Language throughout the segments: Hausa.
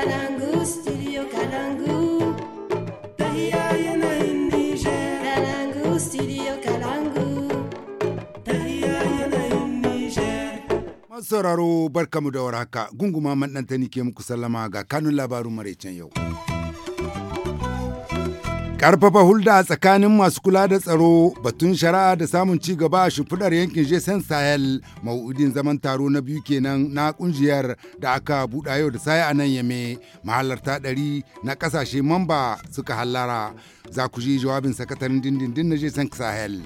Kalangu, studio Kalangu. Niger. Kalangu, studio Kalangu. Niger. Masu sauraro barkamu da warhaka, gunguma maɗanta ke muku sallama ga kanun labarun maraicen yau. Karfafa hulɗa tsakanin masu kula da tsaro batun shari'a da samun ci gaba a shimfiɗar yankin jesen Sahel ma'udin zaman taro na biyu kenan na kungiyar da aka buɗa yau da saya a nan yame mahalarta ɗari na ƙasashe mamba suka hallara za ku ji jawabin sakataren dindindin na jesen Sahel.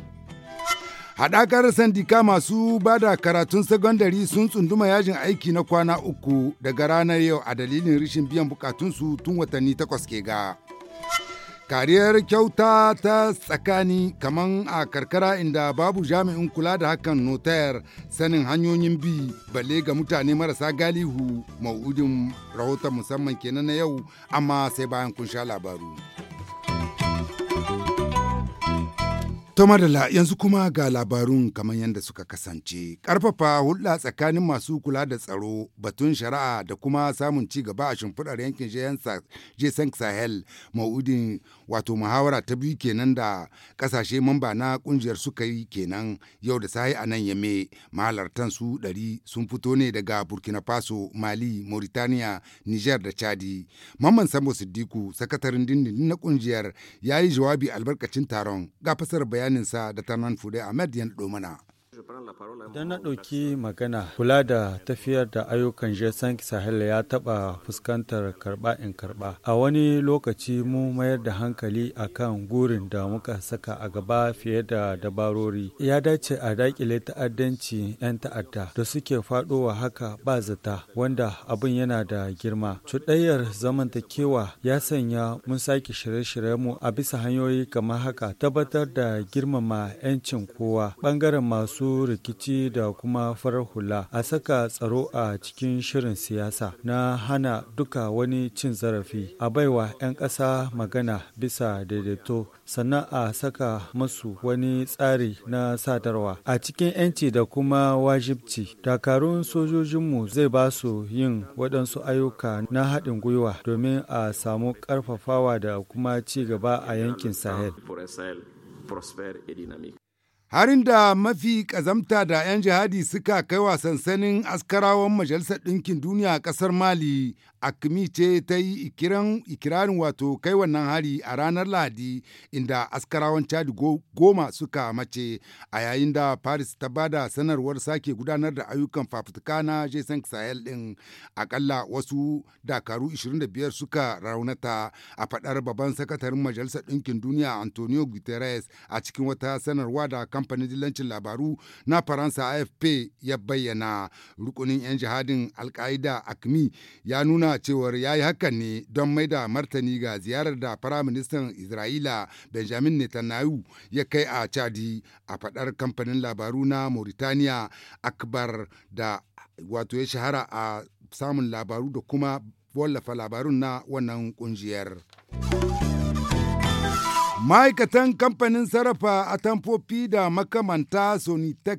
Haɗakar sandika masu ba da karatun sagandari sun tsunduma yajin aiki na kwana uku daga ranar yau a dalilin rashin biyan bukatunsu tun watanni takwas ke ga. kariyar kyauta ta tsakani kaman a karkara inda babu jami'in kula da hakan notayar sanin hanyoyin bi balle ga mutane marasa galihu ma'udin rahoton musamman kenan na yau amma sai bayan kun sha labaru Tomadala yanzu kuma ga labarun kamar yadda suka kasance. Karfafa hulɗa tsakanin masu kula da tsaro, batun shari'a da kuma samun ci gaba a shimfiɗar yankin jesan Sahel, ma'udin wato muhawara ta biyu kenan da kasashe mamba na kungiyar suka yi kenan yau da sahi a nan yame mahalartan su ɗari sun fito ne daga burkina faso mali mauritaniya niger da chadi mamman sambo siddiku sakataren dindindin na kungiyar ya yi jawabi albarkacin taron ga fasar bayaninsa da tanan fude ahmed yan domana. Idan na ɗauki magana kula da tafiyar da ayyukan Jason Sahel ya taɓa fuskantar karɓa in karɓa. A wani lokaci mu mayar da hankali a kan gurin da muka saka a gaba fiye da dabarori. Ya dace a daƙile ta'addanci 'yan ta'adda da suke faɗowa haka ba zata wanda abin yana da girma. Cuɗayyar zamantakewa ya sanya mun sake shirye-shiryenmu a bisa hanyoyi kamar haka tabbatar da girmama 'yancin kowa ɓangaren masu rikici da kuma farar hula a saka tsaro a cikin shirin siyasa na hana duka wani cin zarafi a baiwa 'yan ƙasa magana bisa daidaito sannan a saka masu wani tsari na sadarwa a cikin 'yanci da kuma wajibci dakarun sojojinmu zai ba su yin waɗansu ayyuka na haɗin gwiwa domin a samu ƙarfafawa da kuma ci gaba a yankin sahel prosper Harin da mafi kazamta da 'yan jihadi suka kai wa sansanin askarawan Majalisar Ɗinkin Duniya a ƙasar Mali, Akmi ce ta yi ikirarin wato kai wannan hari a ranar Lahadi inda askarawan Chad goma suka mace a yayin da Paris ta bada sanarwar sake gudanar da ayyukan fafutuka na Jason Sahel ɗin. Akalla wasu dakaru 25 suka raunata a faɗar babban sakataren Majalisar Ɗinkin Duniya Antonio Guterres a cikin wata sanarwa da kamfanin dillancin labaru na Faransa AFP ya bayyana rukunin 'yan jihadin Alka'ida Akmi ya nuna cewar ya yi hakan ne don mai da martani ga ziyarar da Firaministan Isra'ila Benjamin Netanyahu ya kai a Chadi a faɗar kamfanin labaru na mauritaniya Akbar da wato ya shahara a samun labaru da kuma wallafa labarun na wannan kungiyar. Ma'aikatan kamfanin sarrafa atamfofi da makamanta Sonitex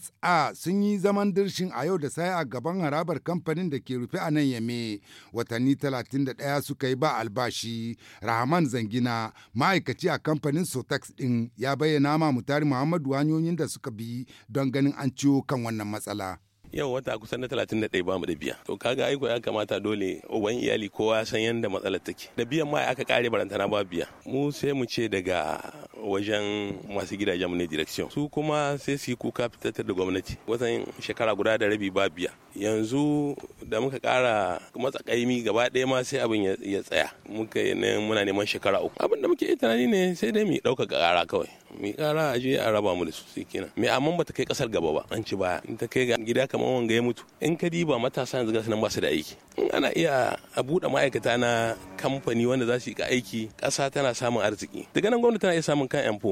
SA sun yi zaman dirshin a yau da sai a gaban harabar kamfanin da ke rufe a nan yame watanni 31 suka yi ba albashi. Rahman Zangina ma'aikaci a kamfanin Sotex ɗin ya bayyana ma mutari Muhammadu hanyoyin da suka bi don ganin an ciwo kan wannan matsala. yau wata kusan na talatin da ɗaya bamu da biya to kaga aiko ya kamata dole uban iyali kowa ya san yanda matsalar take da biyan ma aka kare barantana ba biya mu sai mu ce daga wajen masu gidajen mu ne direction su kuma sai su yi kuka fitattar da gwamnati wajen shekara guda da rabi ba biya yanzu da muka kara matsakaimi gaba ɗaya ma sai abin ya tsaya muka muna neman shekara uku abin da muke tunani ne sai dai mu ɗaukaka kara kawai mi kara a je a raba mu da su sai kenan me amma bata kai kasar gaba ba an ci baya in ta kai ga gida kamar wanga ya mutu in ka diba matasa yanzu gasu nan ba su da aiki in ana iya a buɗe ma'aikata na kamfani wanda za su yi aiki ƙasa tana samun arziki daga nan gwamnati tana iya samun kan 'yan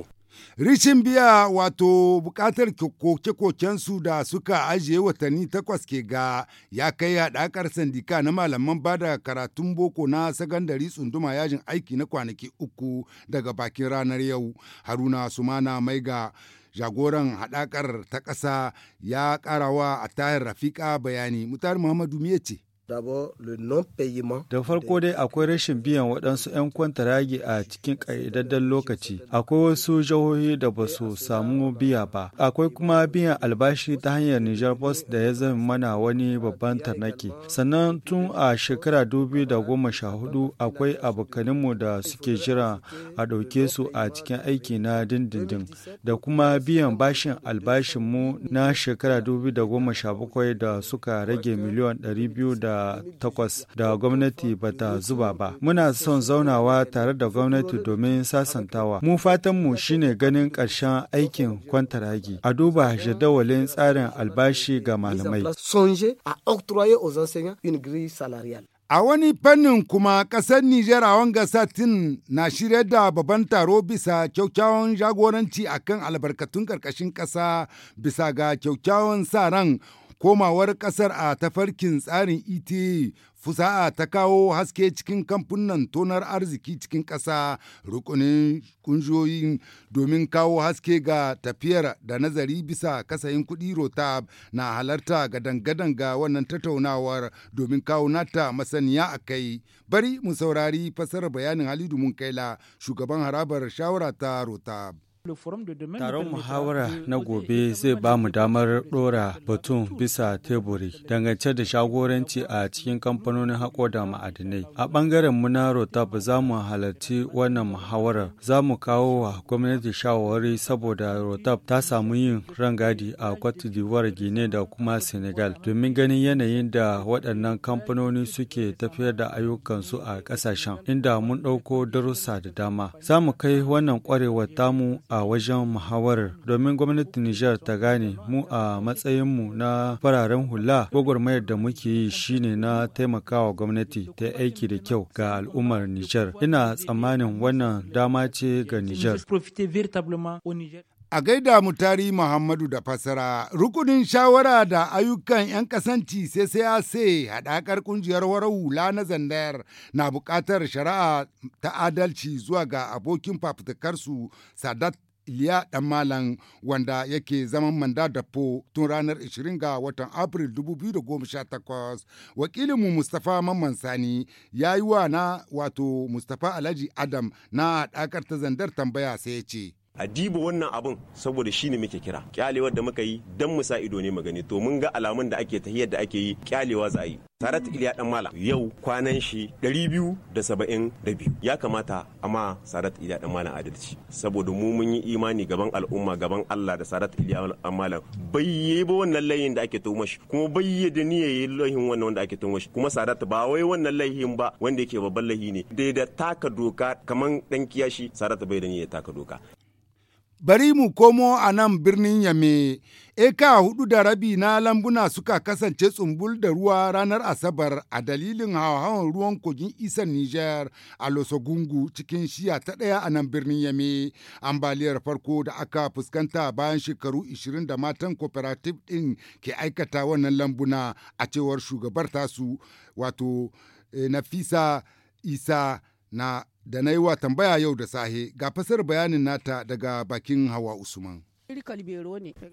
Rishin biya wato bukatar koke-kokensu da suka ajiye watanni takwas ke ga ya kai haɗakar sandika na malaman Ba da karatun boko na sakandare tsunduma yajin aiki na kwanaki uku daga bakin ranar yau. Haruna Sumana Maiga jagoran haɗakar ta ƙasa ya ƙarawa a tayar Rafika bayani. Mutar Muhammadu me ce? Da farko dai akwai rashin biyan waɗansu 'yan kwantaragi a cikin ƙa'idaddan lokaci. Akwai wasu jihohi da ba su samu biya ba. Akwai kuma biyan albashi ta hanyar Niger bus da ya zama mana wani babban tarnaki. Sannan tun a shekara hudu akwai abokaninmu da suke jira a ɗauke su a cikin aiki na dindindin da kuma biyan bashin albashinmu na shekara bakwai da suka rage miliyan biyu da takwas da gwamnati ba ta zuba ba. Muna son zaunawa tare da gwamnati domin sasantawa. Mu fatanmu shine ganin ƙarshen aikin kwantaragi. A duba jadawalin tsarin albashi ga malamai. A wani fannin kuma ƙasar Nijar a wanga satin na shirya da babban taro bisa kyaukyawan jagoranci akan albarkatun ƙarƙashin ƙasa bisa ga kyaukyawan sa ran Komawar ƙasar a tafarkin tsarin ita e fusa'a ta kawo haske cikin kamfunan tonar arziki cikin ƙasa rukunin kunjoyin domin kawo haske ga tafiyar da nazari bisa kasayin kuɗi rotab na halarta ga dangadan ga wannan tattaunawar domin kawo nata masaniya a kai bari mu saurari fasarar bayanin halidu munkaila shugaban harabar shawara ta rotab Taron muhawara na gobe zai ba mu damar ɗora batun bisa teburi dangance da shagoranci a cikin kamfanonin haƙo da ma'adinai. A ɓangaren mu na Rotab za mu halarci wannan muhawarar. Za mu kawo wa gwamnati shawarwari saboda Rotab ta samu yin rangadi a Cote d'Ivoire, Guinea da kuma Senegal domin ganin yanayin da waɗannan kamfanoni suke tafiyar da ayyukansu a ƙasashen inda mun ɗauko darussa da dama. Za mu kai wannan ƙwarewar tamu a wajen muhawarar domin gwamnatin Nijar ta gane mu a matsayinmu na fararen hula gwagwarmayar da muke yi shine na taimakawa gwamnati ta aiki da kyau ga al'ummar Nijar. Ina tsammanin wannan dama ce ga Nijar. A gaida mu mutari Muhammadu da fasara, rukunin shawara da ayyukan 'yan kasanci sai-sai-yar CCAC haɗakar ƙungiyar warar hula na zandar na buƙatar shari'a ta adalci zuwa ga abokin fafutukarsu Sadat Iliya malam wanda yake zaman manda po tun ranar 20 ga watan Afril 2018. Wakilinmu Mustapha Mamman Sani ya yi wa na wato Mustapha Alhaji Adam na haɗakar ta zandar tambaya sai ya ce. a diba wannan abun saboda shine muke kira kyalewar da muka yi dan mu sa ido ne magani to mun ga alamun da ake tahiyar da ake yi kyalewa za a yi Sarat Iliya dan Mala yau kwanan shi 272 ya kamata amma Sarat Iliya dan Mala adalci saboda mu mun yi imani gaban al'umma gaban Allah da Sarat Iliya dan Mala bayye ba wannan layin da ake tuhumar shi kuma bayye da niyya layin wannan wanda ake tuhumar shi kuma Sarat ba wai wannan layin ba wanda yake babban layi ne da taka doka kaman dan kiyashi Sarat bai da niyya taka doka Bari mu komo a nan birnin Yame, eka hudu da rabi na lambuna suka kasance tsumbul da ruwa ranar Asabar a dalilin hawan ruwan kogin isan niger a Losogungu cikin shiya ta ɗaya a nan birnin Yame. Ambaliyar farko da aka fuskanta bayan shekaru 20 da matan cooperative din ke aikata wannan lambuna a cewar shugabar tasu wato eh, Nafisa Isa na da na yi wa tambaya yau da sahe ga fasar bayanin nata daga bakin Hawa Usman.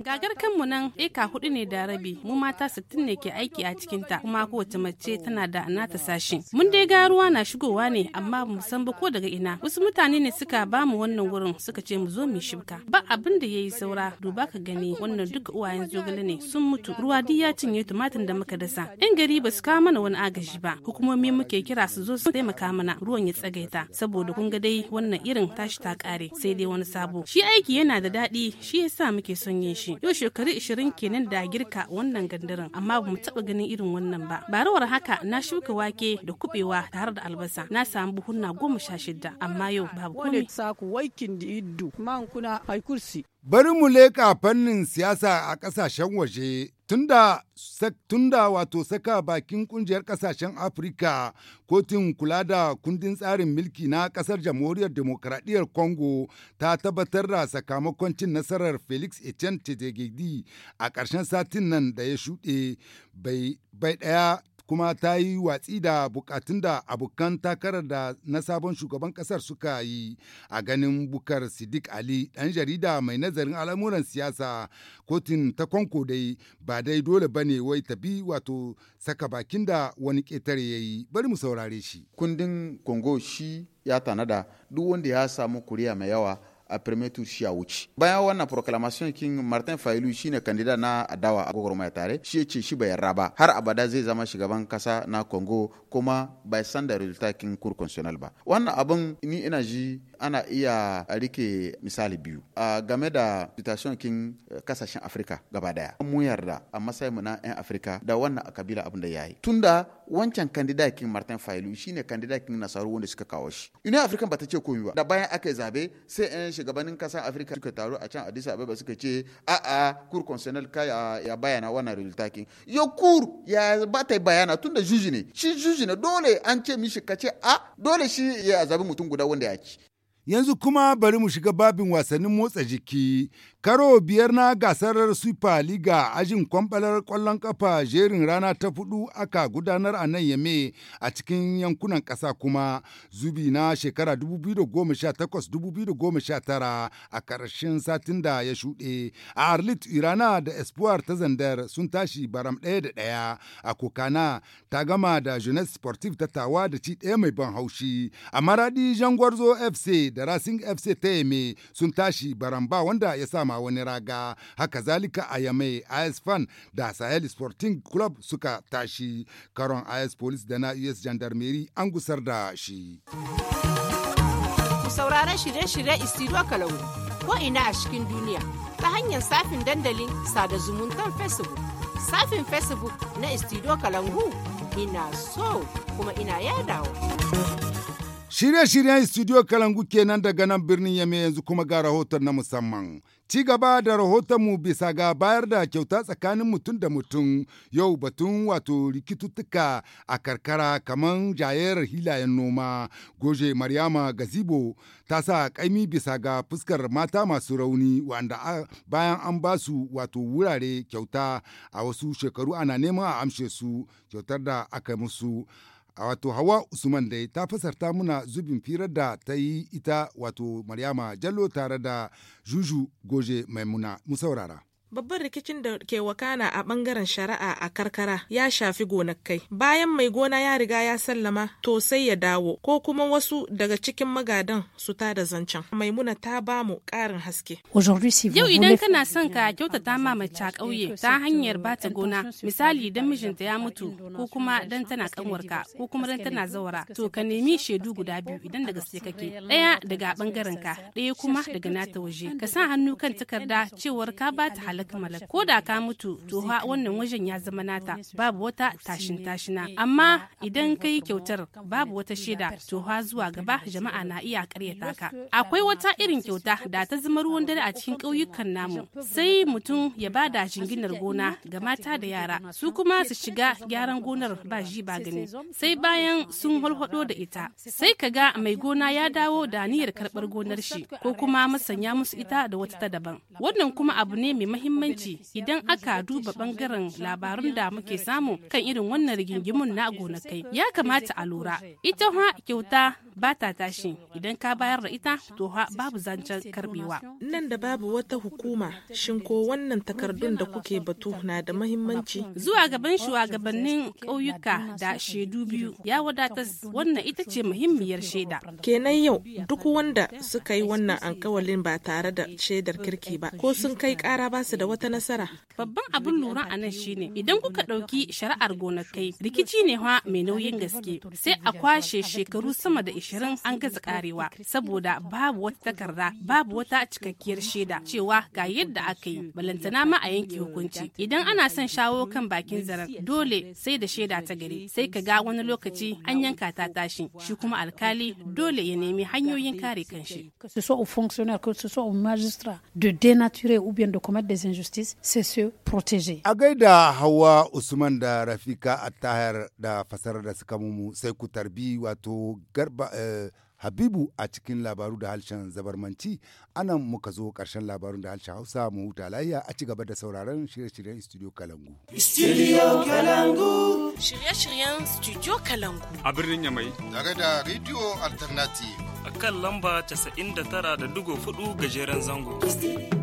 Gagar kanmu nan eka hudu ne da rabi, mu mata sittin ne ke aiki a cikinta kuma kowace mace tana da nata sashi? Mun dai ga ruwa na shigowa ne amma mu san ba ko daga ina. Wasu mutane ne suka ba mu wannan wurin suka ce mu zo mu shibka. Ba abin da yayi saura duba ka gani wannan duka uwayen zogale ne sun mutu. Ruwa duk ya cinye tumatir da muka dasa. Yan gari ba su kawo mana wani agaji ba. Hukumomi muke kira su zo su taimaka mana ruwan ya tsagaita saboda kun ga dai wannan irin tashi ta kare sai dai wani sabo. Shi aiki yana da daɗi shi yasa muke son yin shi yau shekaru ishirin kenan da girka wannan gandarin amma ba mu taba ganin irin wannan ba barawar haka na shuka wake da kubewa tare da albasa na samu buhunna goma sha shidda. amma yau babu komai Bari mu leƙa fannin siyasa a ƙasashen waje tunda da wato saka bakin kungiyar ƙasashen Afirka kotun kula da kundin tsarin mulki na ƙasar jamhuriyar demokradiyyar Congo ta tabbatar da sakamakon cin nasarar Felix Etienne Tshisekedi a ƙarshen satin nan da ya shuɗe bai ɗaya kuma ta yi watsi da bukatun da abokan takarar da na sabon shugaban kasar suka yi a ganin bukar Sidik Ali ɗan jarida mai nazarin al'amuran siyasa kotun ta kwanko dai ba dai dole ba ne wai tabi wato saka bakin da wani ƙetare ya yi bari mu saurare shi. Kundin Kongo shi ya tanada duk wanda ya samu kuriya mai yawa a premier tour shi a wuce bayan wannan proclamation kin martin failu shine kandida na adawa a gwagwarmaya tare shi ya ce shi bai yarda ba har abada zai zama shugaban kasa na congo kuma bai san da result kin cour ba wannan abin ni ina ji ana iya rike misali biyu a game da situation kin eh, kasashen afirka gaba daya mun yarda a matsayin mu na yan afirka da wannan a kabila abin da tun da wancan kandida kin martin shi shine kandida kin nasaru wanda suka kawo shi union african ta ce komai ba da bayan aka zabe sai yan shugabannin kasan afirka suka taru a can addis ababa suka ce a'a kur konsenal ka ya bayana wannan rilitakin ya kur ya ba ta bayana tunda juji ne shi juji ne dole an ce mishi ka ce a dole shi ya zabi mutum guda wanda ya ci Yanzu kuma bari mu shiga babin wasannin motsa jiki. Karo biyar na gasar Super Liga ajin kwambalar kwallon ƙafa jerin rana ta fudu aka gudanar a nan yame a cikin yankunan ƙasa kuma zubi na shekara 2018-2019 a ƙarshen satin da ya shuɗe. A Arlit Irana da Espoir ta Zandar sun tashi baram ɗaya da ɗaya a Kokana ta gama da Jeunesse Sportive ta tawa da ci ɗaya mai ban haushi. A Maradi Jangwarzo FC da Racing FC ta Yame sun tashi baramba wanda ya sama wani raga haka zalika a Yame IS Fan da Sahel Sporting Club suka tashi karon IS Police da na US Gendarmerie an gusar da shi. sauraron shirye-shirye istiro kalau ko ina a cikin duniya ta hanyar safin dandalin sada zumuntar facebook safin facebook na istiro kalangu ina so kuma ina yadawa Shirye-shiryen Studio Kalangu kenan daga nan birnin Yame yanzu kuma ga rahoton na musamman. Ci gaba da rahotonmu bisa ga bayar da kyauta tsakanin mutum da mutum yau batun wato rikituttuka a karkara kamar jayayar hilayen noma. Goje Maryama Gazibo ta sa kaimi bisa ga fuskar mata masu rauni wanda bayan an ba su wato wurare kyauta a wasu shekaru ana neman a amshe su kyautar da aka musu. a wato hawa usman dai ta fasarta muna zubin firar da ta yi ita wato maryama jallo tare da juju goje maimuna mu saurara Babban rikicin da ke wakana a bangaren shari'a a karkara ya shafi gonakai. Bayan mai gona ya riga ya sallama to sai ya dawo ko kuma wasu daga cikin magadan su ta da zancen. Maimuna ta ba mu karin haske. Yau idan kana son ka kyautata ma mace a ƙauye ta hanyar bata gona misali dan mijinta ya mutu ko kuma dan tana kanwarka ko kuma dan tana zawara to ka nemi shaidu guda biyu idan da gaske kake. Ɗaya daga bangaren ka ɗaya kuma daga nata waje ka sa hannu kan takarda cewar ka bata halal malak malak ko da ka mutu to ha wannan wajen ya zama nata babu wata tashin tashina amma idan ka yi kyautar babu wata shaida to ha zuwa gaba jama'a na iya karyata ka akwai wata irin kyauta da ta zama ruwan dare a cikin ƙauyukan namu sai mutum ya bada jinginar gona ga mata da yara su kuma su shiga gyaran gonar ba ji ba gani sai bayan sun holhodo da ita sai ka ga mai gona ya dawo da niyyar karɓar gonar shi ko kuma masanya musu ita da wata ta daban wannan kuma abu ne mai muhimmanci idan aka duba bangaren labarun da muke samu kan irin wannan rigingimun na gonakai. Ya kamata a lura, ita ha kyauta ba ta tashi idan ka bayar da ita to ha babu zancen karbewa. Nan da babu wata hukuma shin ko wannan takardun da kuke batu na da muhimmanci. Zuwa gaban shugabannin ƙauyuka da shaidu biyu ya wadatar wannan ita ce muhimmiyar shaida. Kenan yau duk wanda suka yi wannan alkawalin ba tare da shaidar kirki ba ko sun kai kara ba su da wata nasara. Babban abin lura a nan shine idan kuka ɗauki shari'ar gonakai rikici ne fa mai nauyin gaske sai a kwashe shekaru sama da ishirin an gaza karewa saboda babu wata takarda babu wata cikakkiyar shaida cewa ga yadda aka yi balantana ma a yanke hukunci idan ana son shawo kan bakin zarar. dole sai da shaida ta gari sai ka ga wani lokaci an yanka ta tashi shi kuma alkali dole ya nemi hanyoyin kare kanshi. Ce soit au fonctionnaire, que ce soit au magistrat de dénaturer ou bien de commettre des injustices, c'est se protéger. A gaida Hawa Usman da Rafika Attahar da fasarar da suka mumu sai ku tarbi wato garba eh, Habibu a cikin labaru da harshen zabarmanci anan muka zo ƙarshen labarun da harshen Hausa mu huta lafiya a ci gaba da sauraron shirye-shiryen Studio Kalangu. Studio Kalangu. Shirye-shiryen Studio Kalangu. A birnin Yamai. Tare da Radio Alternative. A kan lamba 99.4 gajeren zango.